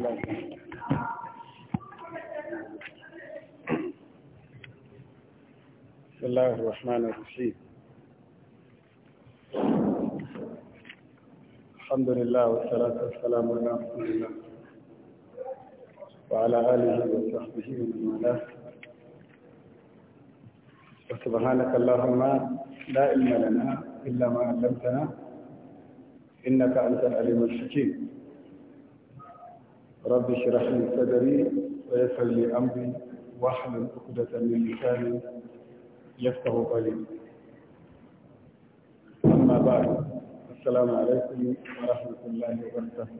بسم الله الرحمن الرحيم الحمد لله والصلاة والسلام على رسول الله وعلى آله وصحبه ومن والاه وسبحانك اللهم لا علم لنا إلا ما علمتنا إنك أنت العليم الحكيم رب اشرح لي صدري ويسر لي أمري واحلل عقدة من لساني يفقه قولي أما بعد السلام عليكم ورحمة الله وبركاته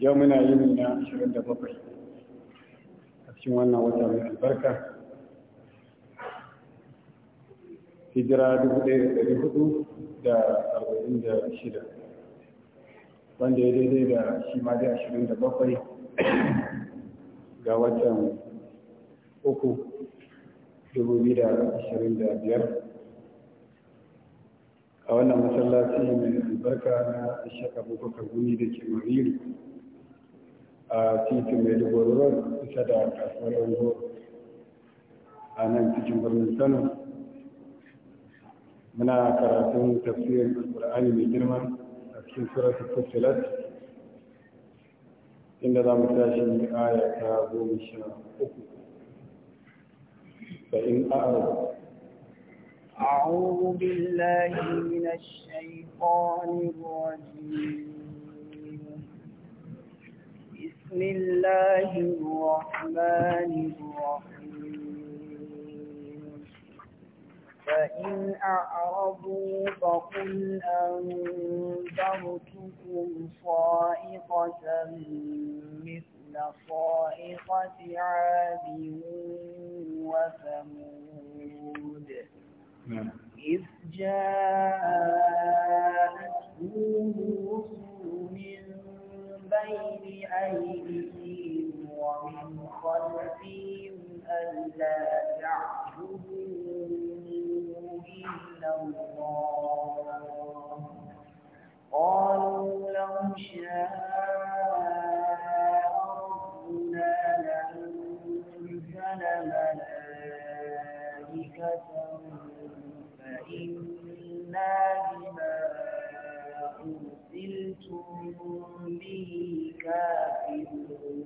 يومنا يومنا شغل بطل أتشوانا وتعمل البركة hijira dubu ɗaya da ɗari hudu da wanda ya daidai da shi ma da ashirin da bakwai ga watan uku dubu biyu da ashirin da biyar a wannan masallaci mai albarka na shaka bukukar guni da ke mariri a titin mai dubarurar kusa da kasuwar yanzu a nan cikin birnin sanu muna karatun tafiyar alkur'ani mai girma في سورة التفصيلات إن ذا متاشي آية كابوم شاء فإن أعرض أعوذ بالله من الشيطان الرجيم بسم الله الرحمن الرحيم فإن أعرضوا فقل أنذرتكم صائقة مثل صائقة عاد وثمود نعم. إذ جاءتهم الرسل من بين أيديهم ومن خلفهم ألا تعبدوا إلا الله قالوا شاء ملائكة فإنا بما كافرون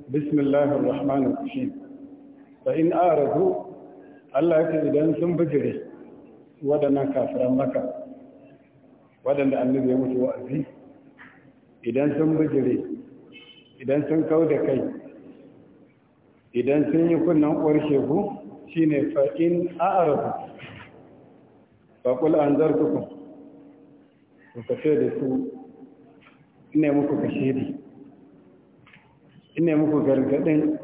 بسم الله الرحمن الرحيم فإن أعرضوا الله ya ce idan waɗannan kafiran maka waɗanda annabi ya mutu wa'azi idan sun bijire idan sun kau da kai idan sun yi kunnan uwar shehu shine fa'in a'arafu faƙul an zartukun ku kafe da su ina muku kashiri ina muku gargaɗin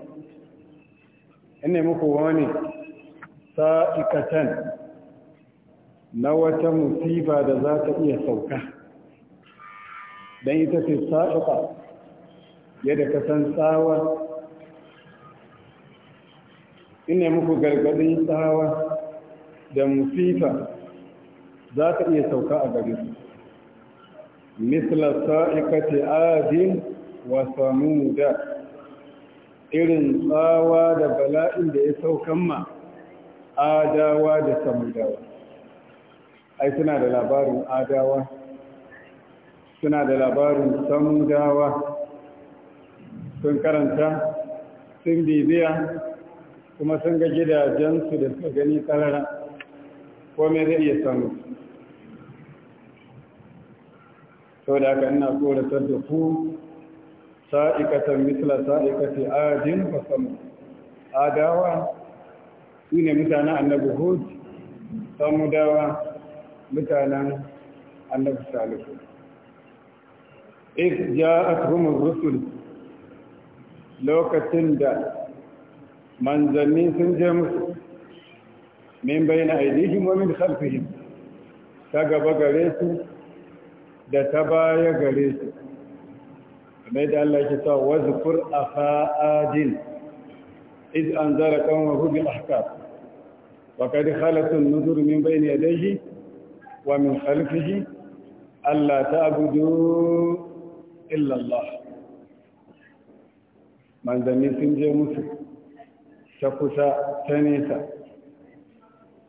ina muku wani sa'ikatan na wata musifa da za ta iya sauka don ita ce sa’uka yadda ka san tsawa ina muku gargadin tsawa da musifa za ta iya sauka a gari su misla sa'iƙati adin wa samu da irin tsawa da bala'in da ya saukan ma adawa da dawa. ai suna da labarin adawa suna da labarin samudawa sun karanta sun bibiya kuma sun ga gidajensu da suka gani karara ko me zai iya samu sau da aka ina tsoratar da ku sa'ikatan misla sa'ikati adin fasamu adawa su ne mutane annabi hud samudawa mutanen annabi salihu ya ja'atuhum mu rusul lokacin da manzanni sun je musu min bayna aidihim wa min khalfihim ta gaba gare su da ta baya gare su mai da Allah ya ce wazkur afa'adin iz anzara qawmahu bil ahkam wa qad khalat an-nuzur min bayni yadayhi Wa ومن خلفه ألا تعبدوا إلا sun je musu ta kusa ta nesa,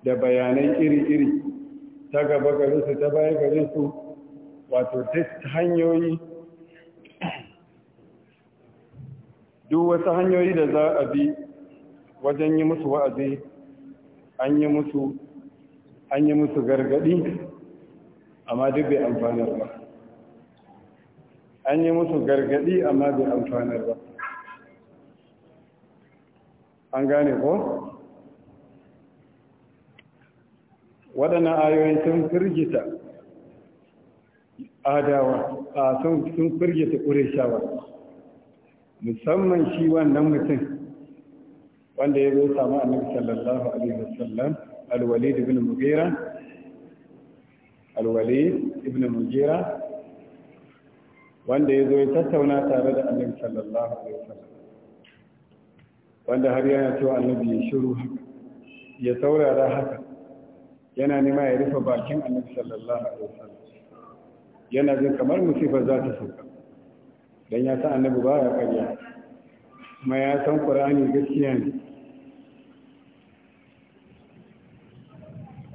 da bayanai iri-iri ta gaba garinsu ta baya garinsu wato ta hanyoyi duk wasu hanyoyi da za a bi wajen yi musu wa'azi an yi musu an yi musu gargadi amma duk bai amfanar ba an yi musu gargadi amma bai amfanar ba an gane ko waɗannan ayoyi sun firgita adawa a sun firgita ƙureshawa musamman shi wannan mutum wanda ya zo samu annabi sallallahu alaihi wasallam alwalid ibn mughira alwali ibn mujira wanda ya zo ya tattauna tare da annabi sallallahu alaihi wasallam wanda har yana cewa annabi ya shiru haka ya saurara haka yana nema ya rufe bakin annabi sallallahu alaihi wasallam yana jin kamar musibar za ta sauka dan ya san annabi ba ya ƙarya kuma ya san qur'ani gaskiya ne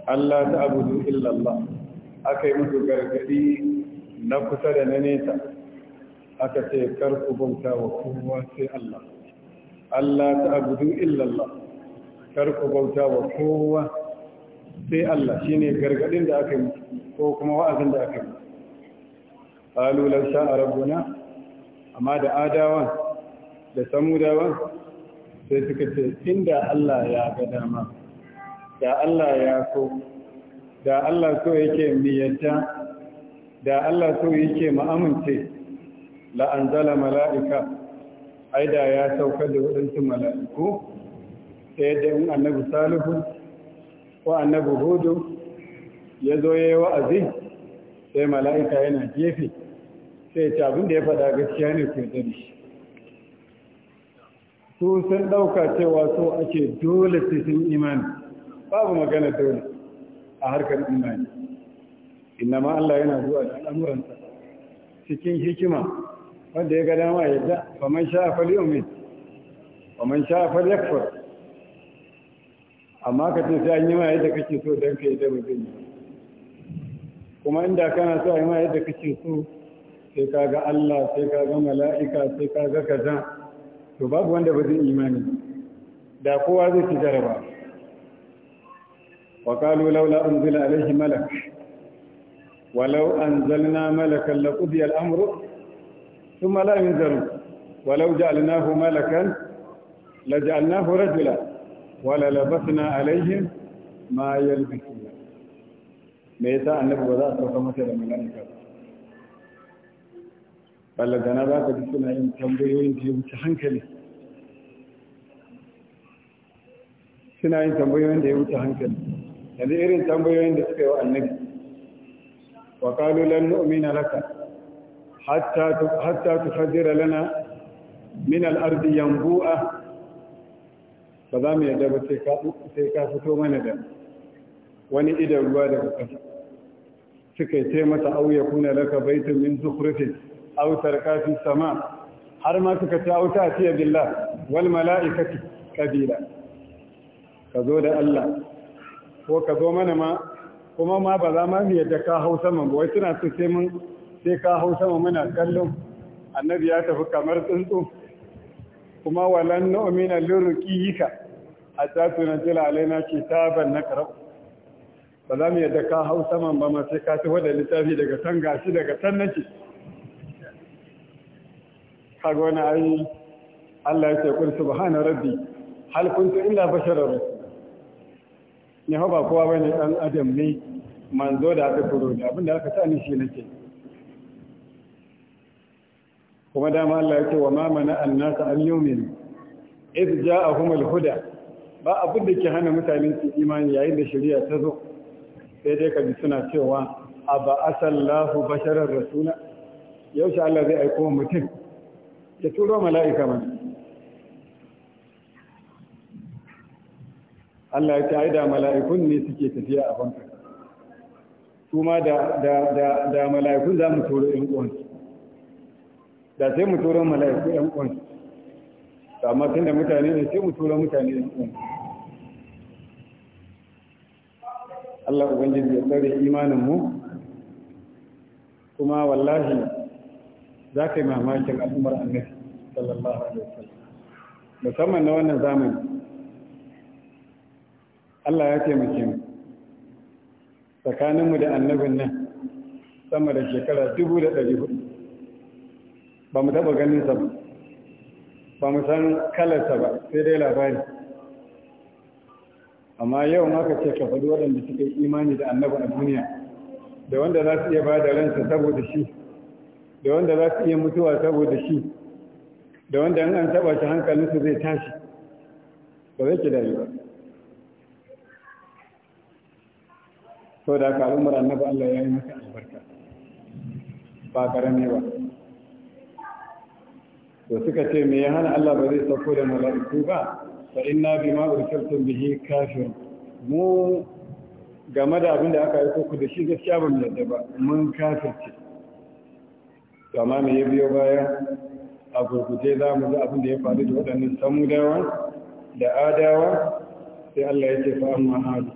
Allah ta abudu illallah aka yi musu gargadi na kusa da na nesa aka ce karku bauta wa kowa sai Allah Allah ta abudu illallah karku bauta wa kowa sai Allah shine gargadin da aka yi ko kuma wa'azin da aka yi qalu law sha'a amma da adawa da samudawa sai suka ce inda Allah ya ga dama da Allah ya so da Allah so yake miyanta da Allah so yake ma'amince la'anzala mala'ika aida ya saukar da waɗansu mala'iku sai da in annabi salihu ko annabi hudu ya zo ya yi wa'azi sai mala'ika yana gefe sai ta abin da ya faɗa gaskiya ne ku da shi su sun ɗauka cewa so ake dole su sun imani babu magana dole a harkar imani ma Allah yana zuwa da al'amuransa cikin hikima wanda ya ga dama yadda faman sha fal yu'min faman sha fal yakfur amma ka ce sai an yi ma yadda kake so dan kai da mutum kuma inda kana so a yi ma yadda kake so sai ka ga Allah sai ka ga mala'ika sai ka ga kaza to babu wanda ba zai imani da kowa zai ci jaraba وقالوا لولا أنزل عليه ملك ولو أنزلنا ملكا لقضي الأمر ثم لا ينزل ولو جعلناه ملكا لجعلناه رجلا وللبسنا عليهم ما يلبسون ميتا النبي وذا أصبح مثلا من الملكة قال جنابات بسنا إن تنبيه إن تيوم تحنكلي سنا إن تنبيه إن yanzu irin tambayoyin da suka yi wa annabi wa qalu lan nu'mina laka hatta hatta tufajjira lana min al-ardi yanbu'a ba za mu yadda ba sai ka sai ka fito mana da wani idan ruwa daga ƙasa suka ce mata au yakuna laka baitun min zukhrifin aw fi sama har ma suka ce au ta fiye billah wal mala'ikati kabila ka zo da Allah ko ka zo mana ma kuma ma ba za ma mu yadda ka hau sama ba wai suna so sai mun sai ka hau sama muna kallon annabi ya tafi kamar tsuntsu kuma walan nu'mina lirqika hatta tunzila alaina kitaban nakra ba za mu yadda ka hau sama ba ma sai ka ci da littafi daga san gashi daga san nake kaga wani ayi Allah ya ce kun subhana rabbi hal kuntu illa bashararun ni hau ba kowa bane ɗan adam ne manzo da aka furo da abinda aka sa ni shi nake kuma dama Allah ya ce wa ma an nasa an yumin iz a humul huda ba abin ke hana mutane su imani yayin da shari'a ta zo sai dai ka ji suna cewa a a sallahu basharar rasula yau sha Allah zai aiko mutum ya turo mala'ika mana Allah ya ce ai da mala'ikun ne suke tafiya a banka su ma da da da da mala'ikun za mu turo ɗan uwan, da sai mu turo mala'iku ɗan da amma tunda mutane ne sai mu turo mutane ɗan uwan. Allah ubangiji ya tsare imanin mu kuma wallahi za ka yi mamakin al'ummar annabi sallallahu alaihi wasallam musamman na wannan zamani Allah ya taimake mu tsakaninmu da annabin nan sama da shekara dubu da hudu ba mu taɓa ganinsa ba ba mu san kalarsa ba sai dai labari amma yau maka ce ka faɗi waɗanda suka yi imani da annabin a duniya da wanda za su iya ba da ransa saboda shi da wanda za su iya mutuwa saboda shi da wanda an an taɓa shi hankalinsu zai tashi ba zai ki dariwa ba so da aka al'ummar annaba Allah ya yi maka albarka ba karami ba to suka ce me ya hana Allah ba zai sauko da mala'iku ba fa inna bima ursiltum bihi kafir mu game da abin da aka yi ku da shi gaskiya ba mu yadda ba mun kafirce to amma me ya biyo baya a gurguje za mu ga abin da ya faru da waɗannan samudawa da adawa sai Allah ya ce fa amma hadu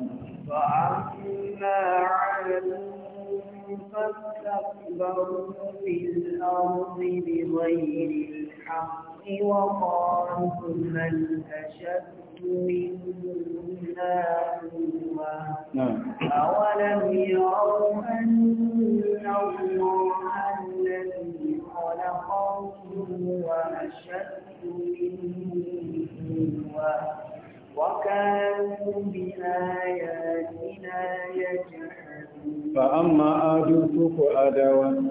فعمنا عنهم فاستكبروا في الأرض بغير الحق وقالوا من أشد منا قوة نعم. أولم يروا أن الله الذي خلقهم وأشد منه قوة وكانوا بآياتنا يجحدون فأما عاد فعادوا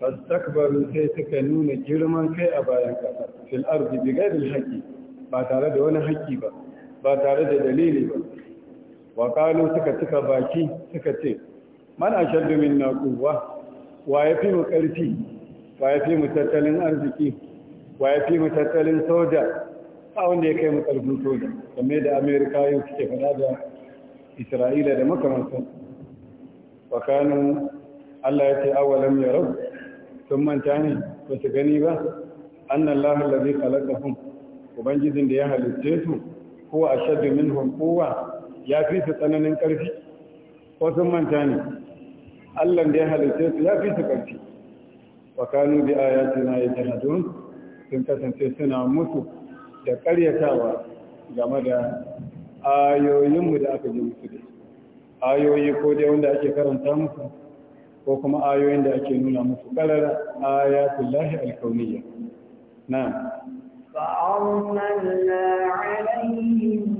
فاستكبروا sai suka nuna girman kai a bayan kasa fil ardi bi ghairi haqqi ba tare da wani haƙƙi ba ba tare da dalili ba wa suka cika baki suka ce man ashaddu minna quwwa wa yafi mu karfi wa yafi mu tattalin arziki wa yafi mu tattalin soja ba wanda ya kai mu karfin soja game da amerika yau suke fada da isra'ila da makamantan tsakanin allah ya ce awalam ya rau sun manta ne ba su gani ba annan lahar da zai halakafin ubangijin da ya halitte su ko a shaddu min hankowa ya fi su tsananin ƙarfi ko sun manta ne allah da ya halitte su ya fi su ƙarfi wakanu ya ayatina don sun kasance suna musu da ƙaryatawa game da ayoyinmu da aka ji musu da ayoyi ko dai wanda ake karanta musu ko kuma ayoyin da ake nuna musu ƙarar ayatun lahi alkauniyya na فأرسلنا عليهم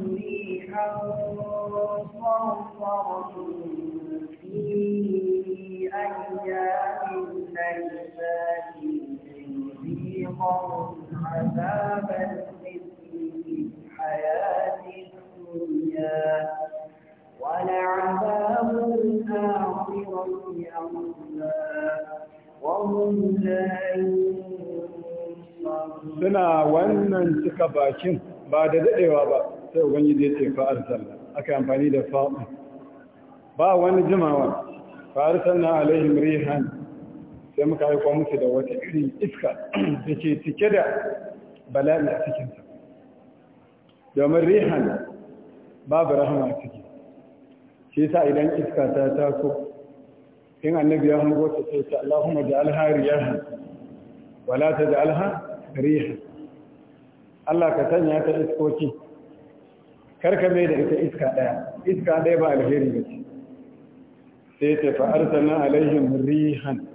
suna wannan cika bakin ba da dadewa ba sai ubangiji ya ce fa arsalna aka amfani da fa ba wani jimawa fa arsalna alaihim rihan sai muka aika musu da wata irin iska take cike da bala'i a cikin ta domin rihan babu rahama a ciki shi sa idan iska ta taso in annabi ya hango ta sai ta Allahumma ja'alha riyahan wala ta taj'alha rihi Allah ka sanya ta iskoki karka mai da ita iska daya iska daya ba alheri ba ce sai ta fa na alaihim rihan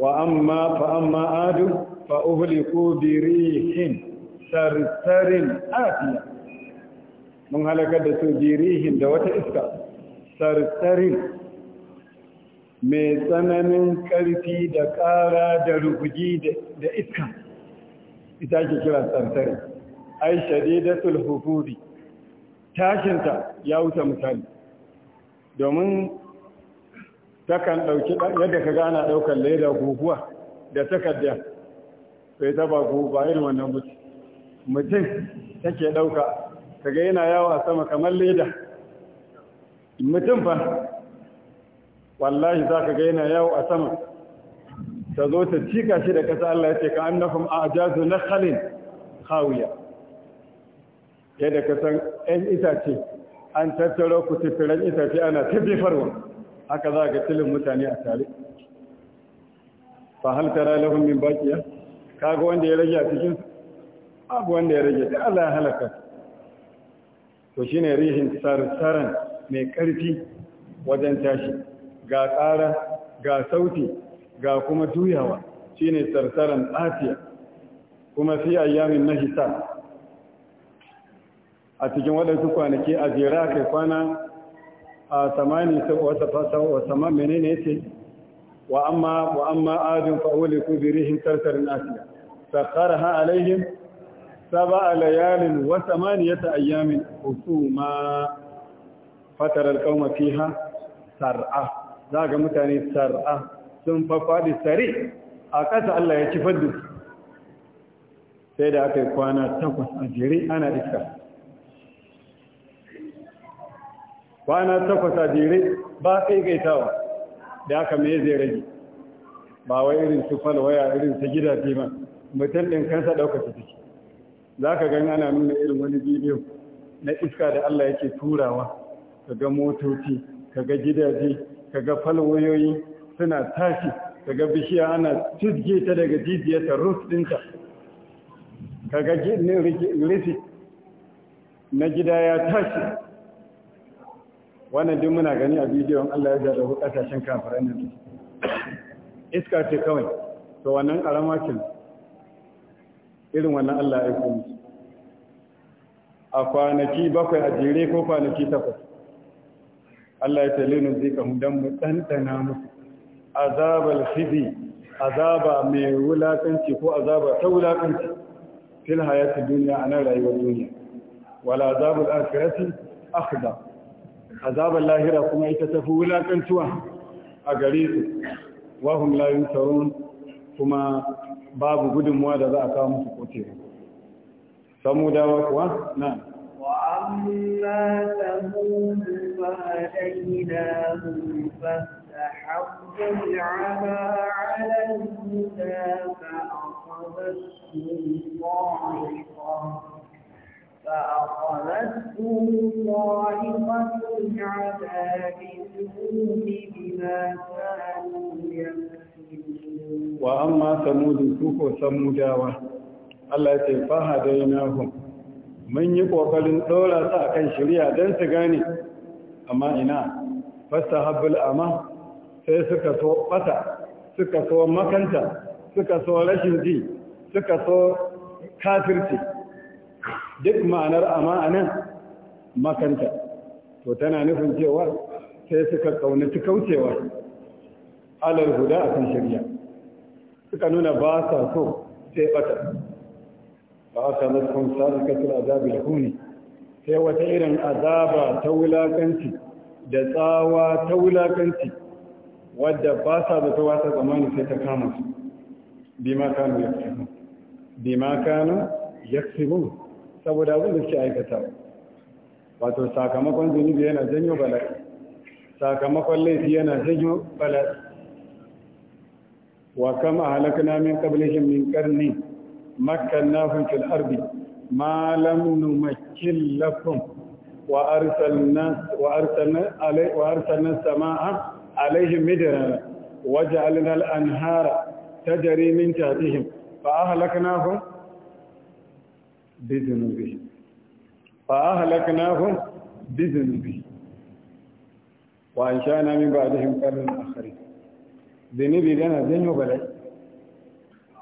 wa amma fa amma adu fa uhliku bi rihin sarsarin afiya mun halakar da su bi rihin da wata iska sarsarin mai tsananin ƙarfi da ƙara da rubuji da iska ita ke kira tsantare ai shadidatul hufuri tashinta ya wuce misali domin takan ɗauki yadda ka gana ɗaukar leda guguwa da takarda sai ta ba guguwa irin wannan mutum mutum take ɗauka kaga yana yawa sama kamar leda mutum fa wallahi za ka ga yana yawo a sama ta zo ta cika shi da ƙasa Allah ya ce ka annakum ajazu halin hawiya yadda ka san ɗan itace an tattaro ku tattaron itace ana tabbifarwa haka za ga tilin mutane a tare fa hal tara lahum min bakiya kaga wanda ya rage a cikin abu wanda ya rage ta Allah ya halaka to shi ne rihin tsarin mai karfi wajen tashi ga ƙara ga sauti ga kuma juyawa shine tsarsaran tsafiya kuma fi ayyamin na hisa. a cikin waɗansu kwanaki a jera kai kwana a samani wata fasa wa sama menene yace wa amma wa amma adin fa uliku bi rihin afiya asiya sakharaha alaihim sab'a layalin wa samaniyata ayyamin hukuma fatara alqawma fiha sar'a za ga mutane sar'a sun faffadi sare a ƙasa Allah ya ci da sai da aka yi kwana takwas a jere ana iska kwana takwas a jere ba kai gaitawa da aka mai zai rage ba wai irin su falwaya irin su gidaje ba mutum ɗin kansa ɗaukata su ciki za ka gan ana nuna irin wani bidiyo na iska da Allah yake turawa ka ga motoci ka ga gidaje kaga falwayoyi suna tashi kaga bishiya ana cijje ta daga jijiyarta roof dinta kaga rufi na gida ya tashi wannan duk muna gani a bidiyon Allah ya jarrabu kasashen kafirai nan iska ce kawai to wannan alamakin irin wannan Allah ya kuma a kwanaki bakwai a jere ko kwanaki takwas Allah ya talinu zai kamun don mu ɗanɗana musu azabar khizi azaba mai wulakanci ko azaba ta wulakanci fil hayati duniya a nan rayuwar duniya wala azabul akhirati akhda azabar lahira kuma ita tafi wulakantuwa a gare su wahum la yunsarun kuma babu gudunmuwa da za a kawo musu kotewa samudawa kuwa na'am وأما ثمود فهديناهم فاستحبوا العمى على الهدى فأخذتهم صاعقة فأخذتهم صاعقة العذاب الهون بما كانوا يكسبون وأما ثمود سوء ثمود الله فهديناهم mun yi kokarin dora su akan shari'a dan su gane amma ina habbul ama sai suka so bata suka so makanta suka so rashin ji suka so kafirci duk ma'anar ama anan makanta to tana nufin cewa sai suka kaunaci kaucewa alal huda akan shari'a suka nuna ba sa so sai bata Ba a فأخذتهم سارقة العذاب الهوني sai wata irin azaba ta wulakanci da tsawa ta wulakanci wadda ba sa da tawa ta zamani sai ta kama su bima kanu ya fi bima kanu ya fi saboda abin da suke aikata wato sakamakon zunubi yana janyo bala'i sakamakon laifi yana janyo bala'i wa kama halakna min qablihim min qarni مكناهم في الأرض ما لم نمكن لكم وأرسلنا وأرسلنا علي وأرسلنا السماء عليهم مدرارا وجعلنا الأنهار تجري من تحتهم فأهلكناهم بذنوبهم فأهلكناهم بذنوبهم وأنشأنا من بعدهم قرن آخرين ذنوبي لنا ذنوب بلد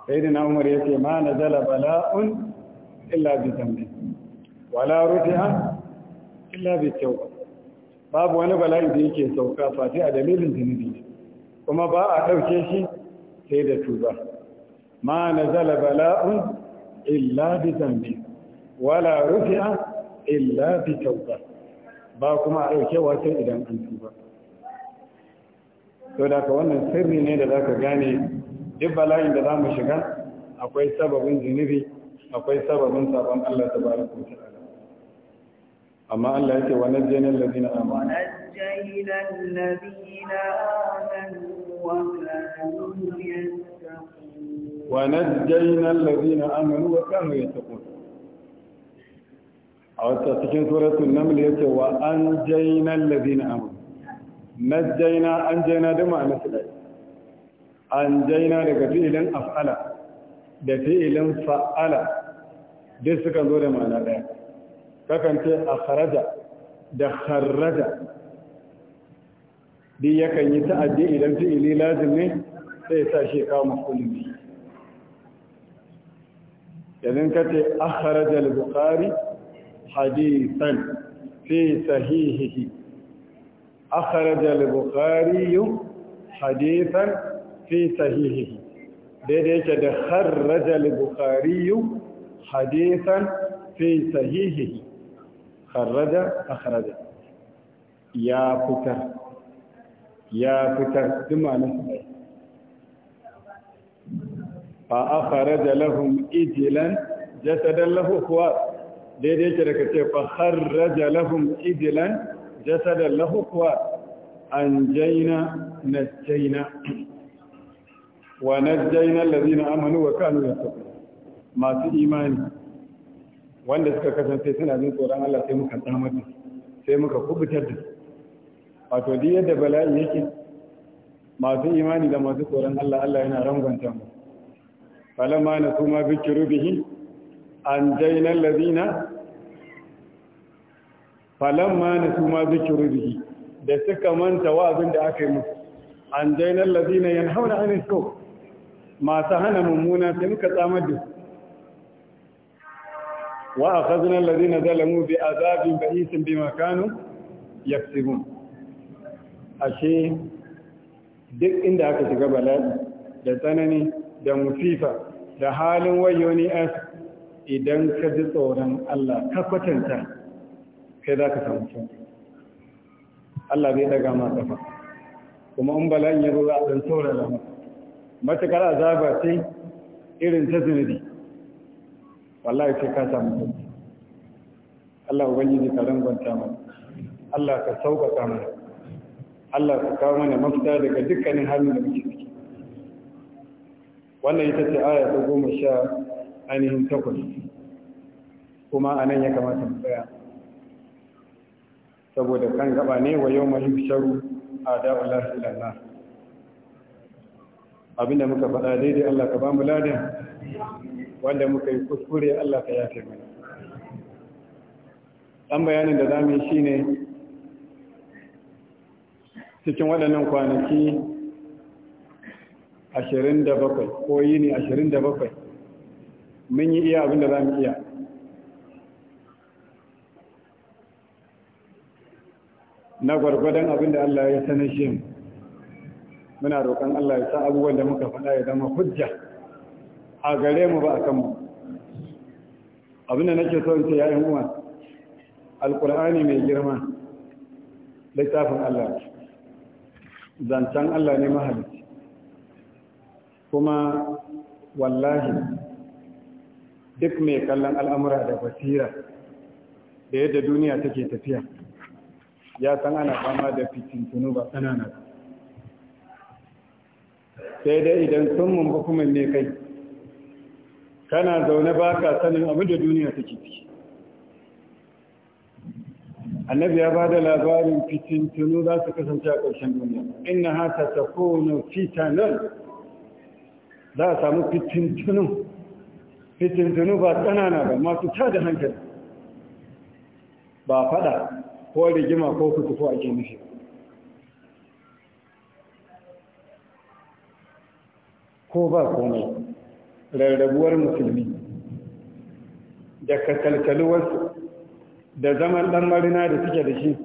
sayyidina umar ce ma nazala bala'un illa bi zambi wala rufi'a illa bi tauba babu wani bala'i da yake sauka fati a dalilin zunubi kuma ba a dauke shi sai da tuba ma nazala bala'un illa bi zambi wala rufi'a illa bi tauba ba kuma a dauke wata idan an tuba to da ka wannan sirri ne da zaka gane duk bala'in da za mu shiga akwai sababin zunubi akwai sababin sabon Allah ta bari kuta amma Allah ya ce wa najjayna allazina amanu wa najjayna allazina amanu wa kanu yattaqun wa najjayna allazina amanu wa kanu yattaqun a wata cikin suratul naml yace wa anjayna allazina amanu najjayna anjayna da ma'anar su an jaina daga fi'ilin af'ala da fi'ilin fa'ala duk sukan zo da ma'ana ɗaya kakan ce a kharaja da kharaja duk yakan yi ta'addi idan fi'ili lazim ne sai sa shi kawo makulmi yanzu ka ce a kharaja al-bukhari hadisan fi sahihihi أخرج yau hadisan. fi sahihihi daidai yake da har al-bukhari hadithan fi sahihihi kharraja akhraja ya fitar ya fitar dumanin sai fa akhraja lahum ijlan jasadan lahu kuwa daidai yake da kace fa kharraja lahum ijlan jasadan lahu kuwa na jaina. wa najjayna allazina amanu wa kanu yattaqun masu imani wanda suka kasance suna jin tsoron Allah sai muka tsama da sai muka kubutar da wato duk yadda bala'i yake masu imani da masu tsoron Allah Allah yana rangwanta mu falamma na kuma bikiru bihi an jayna allazina falamma na kuma bikiru bihi da suka manta wa'azin da aka yi musu an jayna allazina yanhauna anil kufr masu hana mummuna sai muka tsamar da su wa akhadna na zalamu bi bi ba'isin ya fi yaktubun ashe duk inda aka shiga bala'i da tsanani da musifa da halin wayoni as idan ka ji tsoron Allah ka kwatanta kai za ka samu kyau Allah bai daga masu kuma in bala'in ya zo za a ɗan saurara masu matakar azaba ce irin ta zunubi wallahi sai ka samu sauki Allah ubangiji ka rangwanta mana Allah ka sauƙaƙa mana Allah ka kawo mana mafita daga dukkanin halin da muke ciki wannan ita ce aya ta goma sha ainihin takwas kuma a nan ya kamata mu tsaya saboda kan gaba ne wa yau mahim sharu a da'ular ilallah abinda muka faɗa daidai Allah ka ba mu ladan wanda muka yi kuskure Allah ka yafe mana dan bayanin da zamu yi shine cikin waɗannan kwanaki 27 ko yini 27 mun yi iya abinda zamu iya na gwargwadon abinda Allah ya sanar shi mu muna roƙon Allah ya sa abubuwan da muka faɗa ya zama hujja a gare mu ba a kanmu abin nake so in ce yayin uwa alkur'ani mai girma littafin Allah zancen Allah ne mahalicci kuma wallahi duk mai kallon al'amura da basira da yadda duniya take tafiya ya san ana fama da fitintunu ba ƙanana sai dai idan sun mumba kuma ne kai kana zaune ba ka sanin abin da duniya ta ciki annabi ya ba da labarin fitintunu za su kasance a ƙarshen duniya inna haka ta kone fitanen za a samu fitintunu fitintunu ba tsanana ba masu ta da hankali ba fada ko rigima ko ko ake nufi ba ko ba komai rarrabuwar musulmi da kakalkaluwarsu da zaman dan marina da suke da shi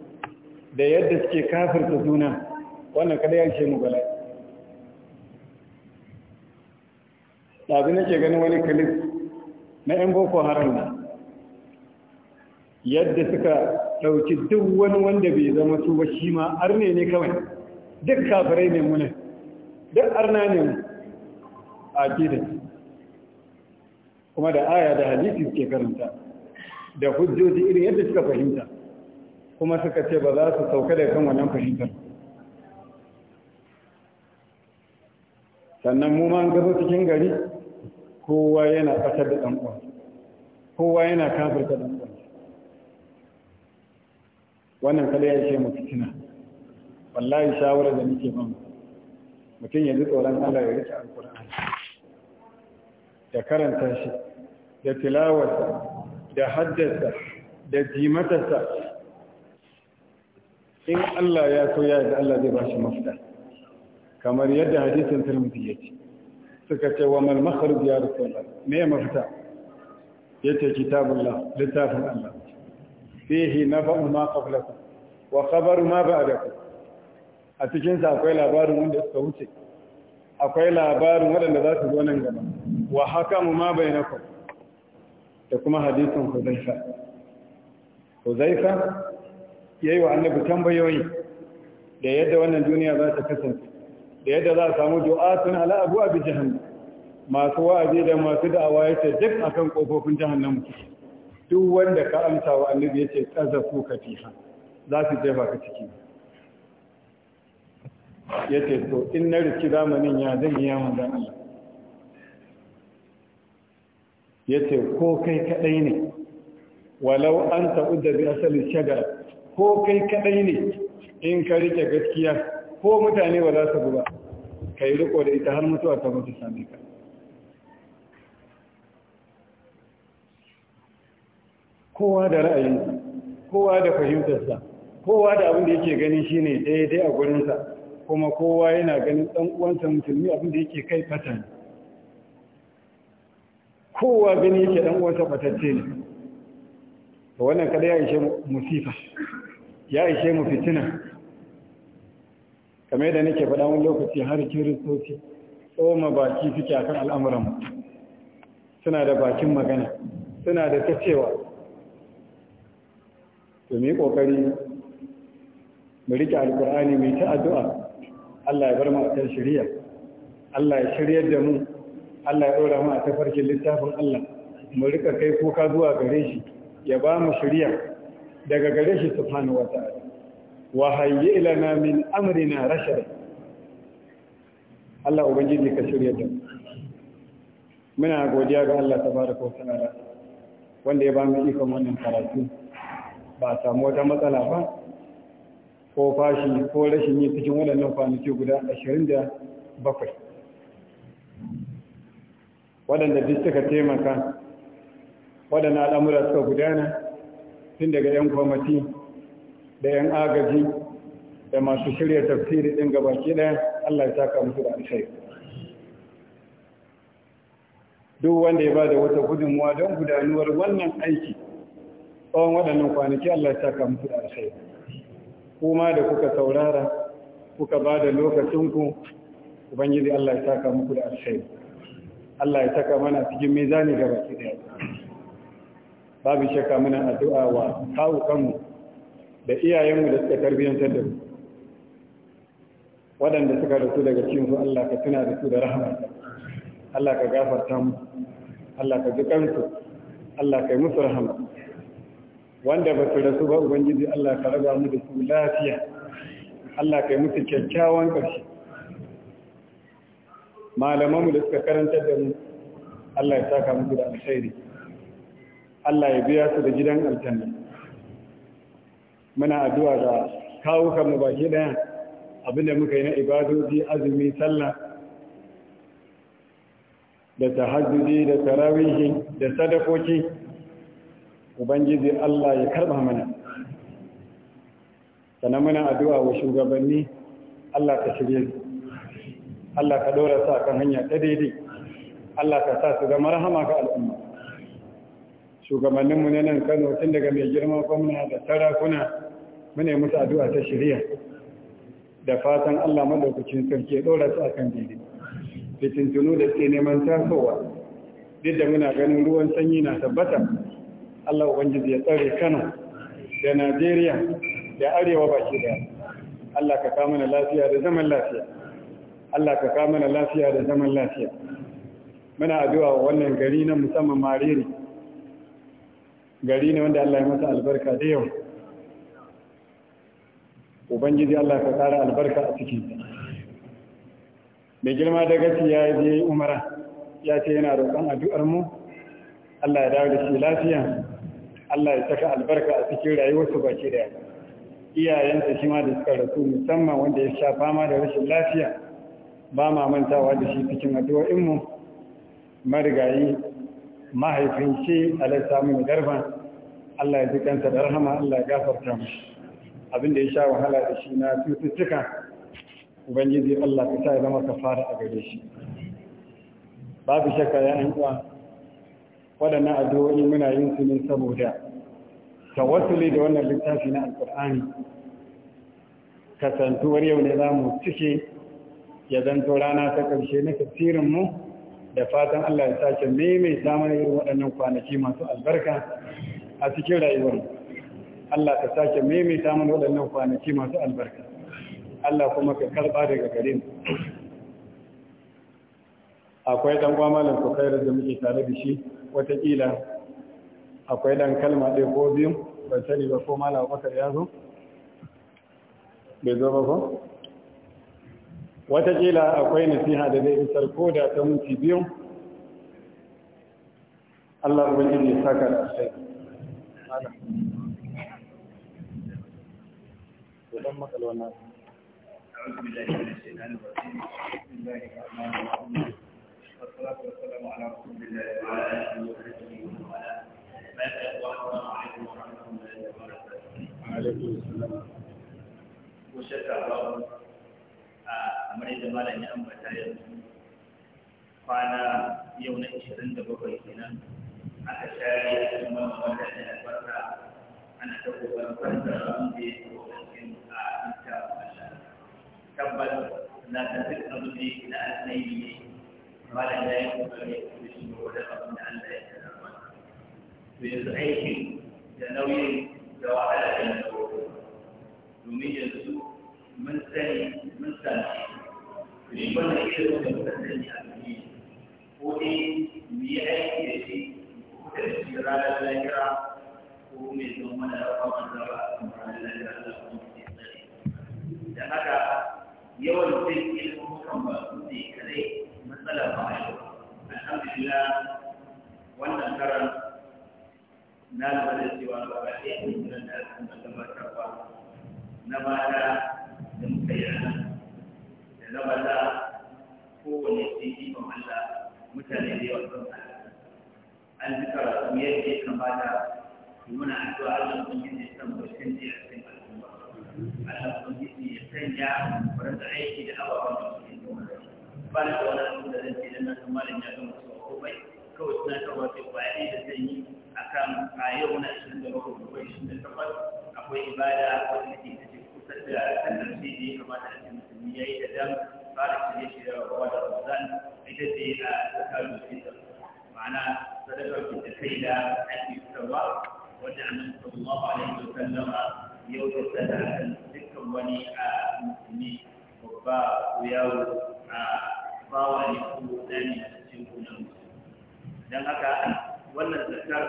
da yadda suke kafirta juna wannan kada yanke ce mu bala ɗazu nake ganin wani kalif na 'yan boko haram ne yadda suka ɗauki duk wani wanda bai zama su ba shi ma arne ne kawai duk kafirai ne muna duk arna ne mu aqidansu kuma da aya da hadisi suke karanta da hujjoji irin yadda suka fahimta kuma suka ce ba za su sauka da kan wannan fahimtar sannan mu ma gaba cikin gari kowa yana fatar da ɗan'uwa kowa yana ɗan ɗan'uwa wannan kada ya ce mutu tuna, wallahi shawarar da muke ban mutum ya ji tsoron Allah ya rike alkur'ani da karanta shi da tilawarsa da haddasa da jimatarsa in Allah ya so ya da Allah zai ba shi mafita kamar yadda hadisin tirmidhi ya ce suka ce wa malmakar makhrij ya rasulullah me mafita ce kitabunla littafin Allah fihi ba'u ma qablakum wa kabar ma ba'dakum a cikinsa akwai labarin wanda suka wuce akwai labarin waɗanda za su zo nan gaba wa haka mu ma bai bainakum da kuma hadisin Huzaifa Huzaifa yayi wa annabi tambayoyi da yadda wannan duniya za ta kasance da yadda za a samu du'atun ala abu abi jahannam masu wa'azi da masu da'awa yace duk akan kofofin jahannam duk wanda ka amsa wa annabi yace ka fiha za su jefa ka ciki yace to in na riki zamanin ya zan yi yawan zamanin ya ce ko kai kaɗai ne walau an ta'udda bi asali shagara ko kai kaɗai ne in ka rike gaskiya ko mutane ba za su guba ka yi riko da ita har mutuwa ta mutu sami ka kowa da ra'ayinsa kowa da fahimtarsa kowa da abin da yake ganin shine daidai a gurinsa kuma kowa yana ganin ɗan uwansa musulmi abin da yake kai fata ne kowa gani yake dan uwansa batacce ne to wannan kada ya ishe musifa ya ishe mu fitina kamar yadda nake faɗa wani lokaci har kiristoci tsoma baki suke akan al'amuran mu suna da bakin magana suna da ta cewa to mu kokari mu rike alkur'ani mu ta addu'a Allah ya bar mu a shari'a Allah ya shiryar da mu Allah ya ɗora mu a tafarkin littafin Allah mu rika kai kuka zuwa gare shi ya ba mu shirya daga gare shi subhanahu wa ta'ala wa hayyi lana min amrina rashada Allah ubangiji ka shirya da muna godiya ga Allah tabaraka wa ta'ala wanda ya ba mu ikon wannan karatu ba samu wata matsala ba ko fashi ko rashin yi cikin waɗannan kwanaki guda 27 waɗanda duk suka taimaka waɗanda al'amura suka gudana tun daga 'yan kwamati da 'yan agaji da masu shirya tafsiri ɗin gabaki ɗaya Allah ya saka musu da alshai duk wanda ya ba da wata gudunmuwa don gudanuwar wannan aiki tsawon waɗannan kwanaki Allah ya saka musu da alshai kuma da kuka saurara kuka ba da lokacinku ubangiji Allah ya saka muku da alshai Allah ya saka mana cikin mizani ga baki daya babu shakka muna addu'a wa kawo kanmu da iyayenmu da suka tarbiyyantar da mu waɗanda suka rasu daga cikin su Allah ka tuna da su da rahama Allah ka gafarta mu Allah ka ji kansu Allah ka yi musu rahama wanda ba su rasu ba ubangiji Allah ka raba mu da su lafiya Allah ka yi musu kyakkyawan ƙarshe malamanmu da suka karantar da mu Allah ya saka muku da alkhairi Allah ya biya su da gidan aljanna muna addu'a ga kawukan mu baki daya abinda muka yi na ibadoji azumi sallah da tahajjudi da tarawihi da sadakoki ubangiji Allah ya karba mana sannan muna addu'a wa shugabanni Allah ka shirye su Allah ka dora su akan hanya ta daidai Allah ka sa su zama rahama ga al'umma shugabanninmu na nan Kano tun daga mai girma gwamna da sarakuna mune musu addu'a ta shirya. da fatan Allah madaukakin sarki ya dora su akan daidai fitintunu da ke neman tasowa duk da muna ganin ruwan sanyi na tabbata Allah ubangiji ya tsare Kano da Najeriya da Arewa baki daya Allah ka kawo mana lafiya da zaman lafiya Allah ka kawo mana lafiya da zaman lafiya muna addu'a wa wannan gari na musamman mariri gari ne wanda Allah ya masa albarka da yau ubangiji Allah ka tsara albarka a ciki mai girma da gaci ya je umara ya ce yana roƙon addu'ar mu Allah ya dawo da shi lafiya Allah ya saka albarka a cikin su baki da iyayensa shi ma da suka rasu musamman wanda ya sha fama da rashin lafiya ba ma mantawa da shi cikin addu'o'inmu marigayi mahaifin shi alaihi garba Allah ya ji kansa da rahama Allah ya gafarta mu abin da ya sha wahala da shi na cututtuka ubangiji Allah ka sa ya zama kafara a gare shi babu shakka ya an uwa waɗannan addu'o'i muna yin su ne saboda tawassuli da wannan littafi na alqur'ani kasantuwar yau ne za mu cike ya zanto rana ta ƙarshe na tafsirinmu da fatan Allah ya sace maimaita mana irin waɗannan kwanaki masu albarka a cikin rayuwar Allah ka sace maimaita mana waɗannan kwanaki masu albarka Allah kuma ka karɓa daga gare mu akwai ɗan kwamalan ku kai da muke tare da shi watakila akwai ɗan kalma ɗaya ko biyu ban sani ba ko malam ƙasar ya zo bai zo ba ko watakila akwai nasiha da zai isar ko da ta minti biyu Allah ubangiji ya saka da sai Thank kwana yau na 27 kenan aka share a cikin wannan wata da albarka ana ta kokarin fassara abin da ya zo a cikin a littafin Allah tabbas na ta duk abin da yake na alkhairi ne malam ya yi kokari ya kuma shi ne wata abin da Allah ya tsara mana to yanzu aikin da nauyin da wahala da na domin yanzu mun sani mun sani to shi wannan ilimin da muka sani a ko dai mu aiki da shi ko da shi ranar lahira ko mai zama mana rafa ba, a kan ranar lahira da kuma ke tsari da haka yawan zai ilmu kan ba su ne kadai matsala ba a yau alhamdulillah wannan karan na lura da cewa ba a iya yin da aka gabatarwa na mata da muka yi da na mata kowane cikin Allah mutane da yawa sun an ji yi yadda ya kamata muna addu'a Allah kun yi san barkin da ya san al'umma Allah kun yi ya sanya wurin da aiki da ababen da suke nuna ba da wani abu da zan ce da na san malam ya gama su komai kawai suna kawo su ba ya da zan yi akan a yau na 27 ko 28 akwai ibada wanda ke kusa da kan da ya kamata a ce musulmi ya yi da dama fara shirye shirye wa kowa da Ramadan ita ce a zakarun fitar ma'ana sadakar fitar kai da ake fitarwa wanda annabi sallallahu alaihi wa sallama ya wuce da dukkan wani a musulmi babba ko yawo a bawa ne ko dani a cikin kunan dan haka wannan zakar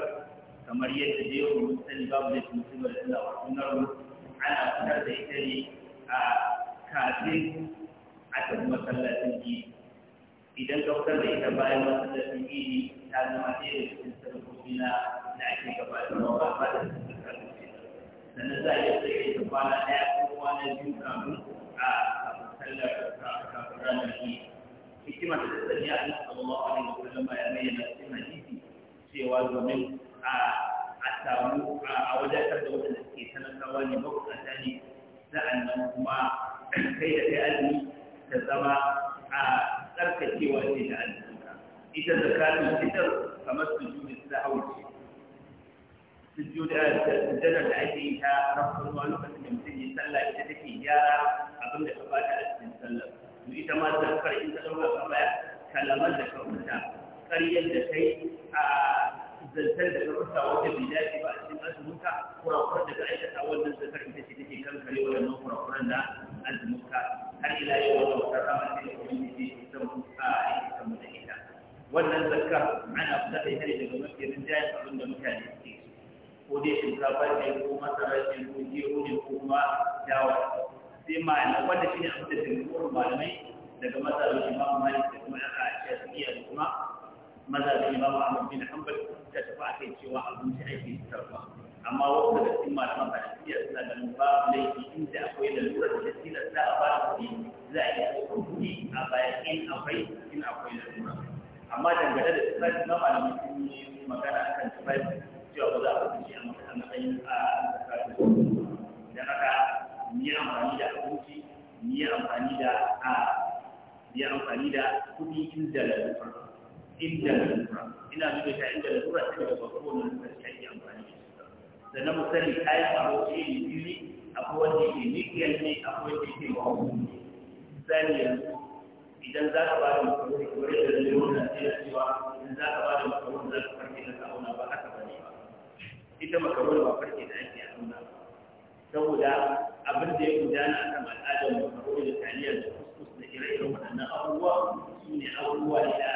kamar yadda da yau mun sani babu da musulmi da Allah wa sunnar ana fitar da ita ne a kafin a tafi masallacin idi idan ka da ita bayan masallacin idi ta zama ɗaya da cikin sarkoki na da ake gabatarwa ba ba da cikin sarkoki sannan za a iya tsaye da kwana ɗaya ko kwana biyu kafin a sallar kafin ranar idi hikima da ta sani a nan sallallahu alaihi wa sallam ya bayyana cikin hadisi cewa domin a a samu a wadatar da suke talakawa ne mabukata ne sa'annan kuma kai da kai azumi ta zama a tsarkakewa ce da aljihuka ita da kafin fitar kamar su juni su da hauce su juda da ake yi ta rafin ma lokacin da mutum yi sallah ita take gyara abin da ka bata a cikin sallah to ita ma zakar in ta ɗaura ka baya kalamar da ka huta ƙaryar da kai a zantar da ka huta wanda bai dace ba a cikin asibuta kurakuran da ka aikata wannan zakar ita ce take kankare waɗannan kurakuran da al-musta har ila yau da wata rama ce da kuma ke son a yi ta da ita wannan zakka ana fita da ita ne daga mafi rinjayen abin da mutane suke ko dai shinkafa ce ko masara ce ko gero ne ko kuma dawa sai ma'ana wanda shi ne abin da jimkuwar malamai daga mazhabin imam malik da kuma ya na shafi'iyya da kuma ma, imam ahmad bin hanbal ta tafi akai cewa abinci ake fitarwa amma wasu da cikin malaman hanafiya suna ganin babu laifi da akwai lalurar da tilasta a ba kuɗi za a iya ɗaukar kuɗi a bayan in akwai in akwai lalura amma dangane da tufafi na malamin sun yi magana akan tufafi cewa ba za a fi shi a matsayin a tufafi da haka ni amfani da abinci ni amfani da a ni amfani da kuɗi inda lalura inda lalura ina zuwa ta in da lalura ta daga kowane lokaci sannan mu sani kayan abinci ne biyu ne akwai wanda yake nikiyar ne akwai wanda yake wani ne misali yanzu idan za ka ba da makaroni kamar yadda zai nuna cewa cewa idan za ka ba da makaroni za ka farke da sa'una ba haka ba ne ba ita makaroni ba farke da ake auna saboda abin da ya gudana a kan al'adar makaroni da taliyar da kuskus da ire-iren waɗannan abubuwa su ne abubuwa da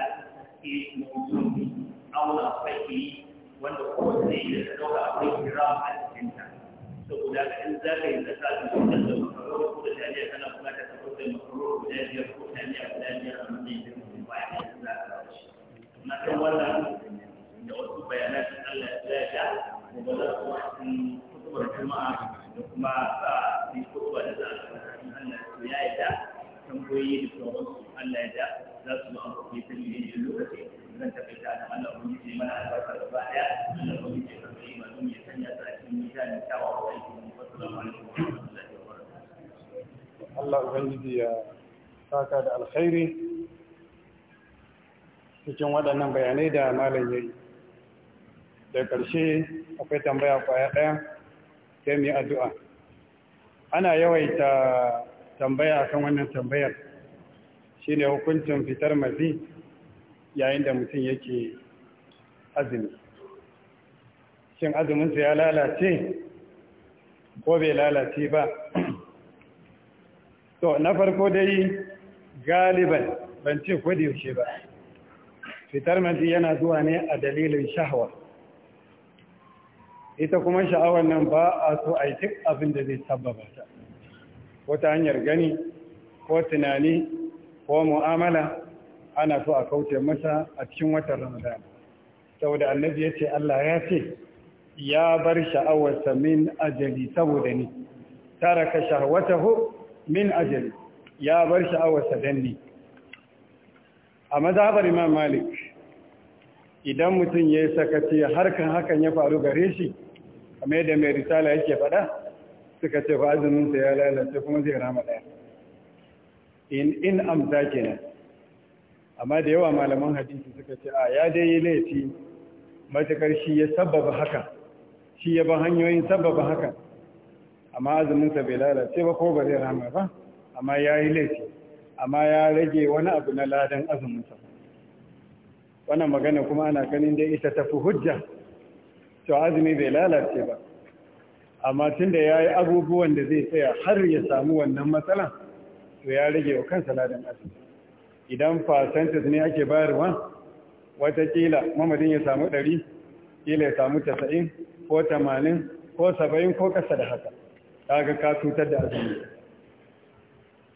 ke mutum auna yi. wanda kowanne yi da ɗauka akwai kira a cikinta saboda ka in za ka yi ta sa su da da makaroro ko da taliya kana buƙatar ka kusa makaroro guda biyar ko taliya guda biyar a matsayin da mutum ba ya yi za ka rawa na san wannan da wasu bayanan Allah ya ja da ba za su wasu kutubar juma'a da kuma sa su yi kutuba da za a karatu Allah ya ja tambayoyi da sauransu Allah ya ja za su yi amfani da lokaci zan tafi ta nan Allah mun yi mana albarka gaba daya Allah mun yi mana imanin yi sanya ta cikin mizanin kyawawan aiki mu assalamu alaikum wa rahmatullahi wa barakatuh Allah ubangiji ya saka da alkhairi cikin waɗannan bayanai da malam yayi da ƙarshe akwai tambaya kwaya ɗaya sai mu yi addu'a ana yawaita tambaya kan wannan tambayar shine hukuncin fitar mazi yayin da mutum yake azumi shin azuminsa ya lalace ko bai lalace ba to na farko dai galiban ban ce kwadi yaushe ba fitar mazi yana zuwa ne a dalilin shahawa ita kuma sha'awar nan ba a so a yi duk abin da zai ko ta wata hanyar gani ko tunani ko mu'amala ana so a kauce masa a cikin watan ramadan saboda annabi ya ce Allah ya ce ya bar sha'awarsa min ajali saboda ni taraka shahwatahu min ajali ya bar sha'awarsa dan ni a mazhabar imam malik idan mutum ya yi sakaci harkan hakan ya faru gare shi kamar da mai risala yake faɗa suka ce fa azumin ya lalace kuma zai rama daya in in am zakina amma da yawa malaman hadisi suka ce a ya dai yi laifi matakar shi ya sababa haka shi ya ba hanyoyin sababa haka amma azuminsa bai lalace ba ko ba zai rama ba amma ya yi laifi amma ya rage wani abu na ladan sa wannan magana kuma ana ganin dai ita tafi hujja to azumi bai lalace ba amma tun da ya yi abubuwan da zai tsaya har ya samu wannan matsala to ya rage wa kansa ladan azumi idan percentage ne ake bayarwa watakila mamadin ya samu 100 kila ya samu 90 ko 80 ko 70 ko kasa da haka daga ka cutar da azumi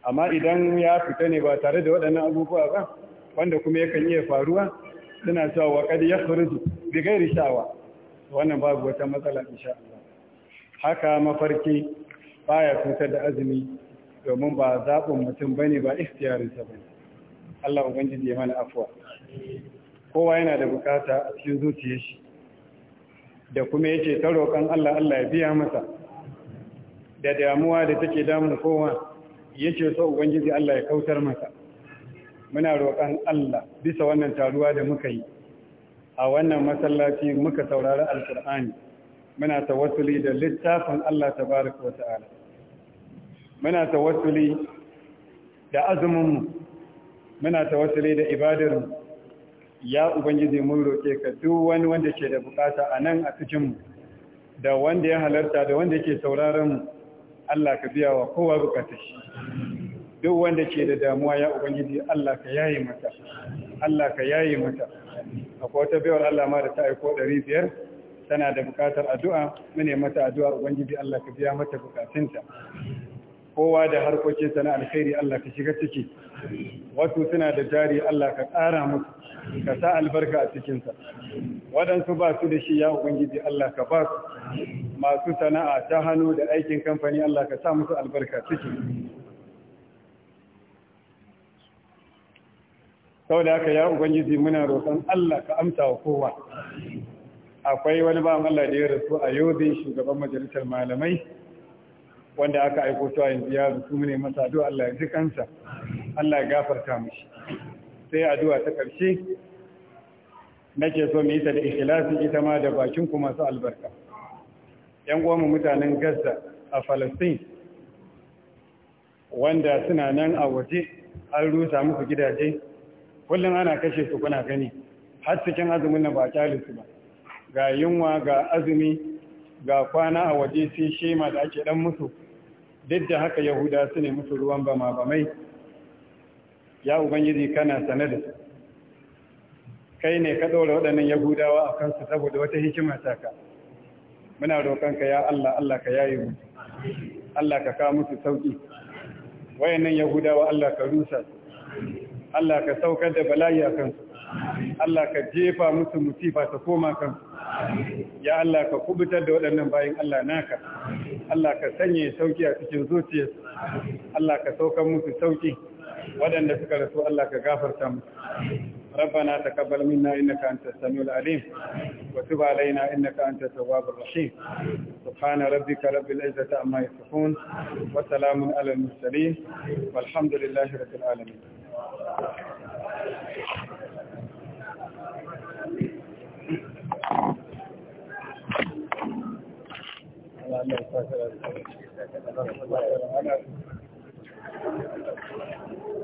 amma idan ya fita ne ba tare da waɗannan abubuwa ba wanda kuma yakan iya faruwa suna cewa wa kad yakhruju bi ghairi sha'wa wannan babu wata matsala insha Allah haka mafarki baya cutar da azumi domin ba zaɓin mutum bane ba ikhtiyarinsa bane Allah ubangiji ya mana afuwa kowa yana da bukata a cikin zuciyar shi da kuma yake ta roƙon Allah Allah ya biya masa da damuwa da take damun kowa yake so ubangiji Allah ya kautar masa muna roƙon Allah bisa wannan taruwa da muka yi a wannan masallaci muka saurari alkur'ani muna tawassuli da littafin Allah tabaraka wa ta'ala muna tawassuli da azumin mu muna tawassuli da ibadar ya ubangiji mun roke ka duk wani wanda ke da bukata a nan a cikin da wanda ya halarta da wanda ke sauraron Allah ka biya wa kowa bukatar shi duk wanda ke da damuwa ya ubangiji Allah ka yayi mata Allah ka yayi mata akwai wata bayar Allah ma da ta aiko 500 tana da bukatar addu'a mune mata addu'a ubangiji Allah ka biya mata bukatunta kowa da harkokinsa na alkhairi Allah ka shiga ciki wasu suna da jari Allah ka ƙara musu ka sa albarka a cikinsa waɗansu ba su da shi ya ubangiji Allah ka ba su masu sana'a ta hannu da aikin kamfani Allah ka sa musu albarka ciki sau da haka ya ubangiji muna roƙon Allah ka amsa wa kowa akwai wani ba Allah da ya rasu a yau shugaban majalisar malamai wanda aka aiko su a yanzu ya rusu ne masa addu'a Allah ya ji kansa Allah ya gafarta mishi sai addu'a ta karshe nake so mu yi ta da ikhlasi ita ma da bakin ku masu albarka yan uwan mu mutanen Gaza a Palestine wanda suna nan a waje an rusa musu gidaje kullum ana kashe su kuna gani har cikin azumin na ba a su ba ga yunwa ga azumi ga kwana a waje sai shema da ake dan musu duk da haka yahuda su ne musu ruwan bama bamai ya ubangiji kana sane da su kai ne ka ɗora waɗannan yahudawa a kansu saboda wata hikima ka. muna ka ya Allah Allah ka yayi mu Allah ka kawo musu sauƙi wayannan yahudawa Allah ka rusa Allah ka saukar da bala'i a kansu Allah ka jefa musu musifa ta koma kan ya Allah ka kubutar da waɗannan bayan Allah naka Allah ka sanya sauki a cikin zuciyar. Allah ka saukan musu sauki waɗanda suka rasu Allah ka gafarta musu ربنا تقبل منا إنك أنت السميع العليم وتب علينا إنك أنت التواب الرحيم سبحان ربك رب العزة عما يصفون وسلام على المرسلين والحمد لله رب العالمين Allah ya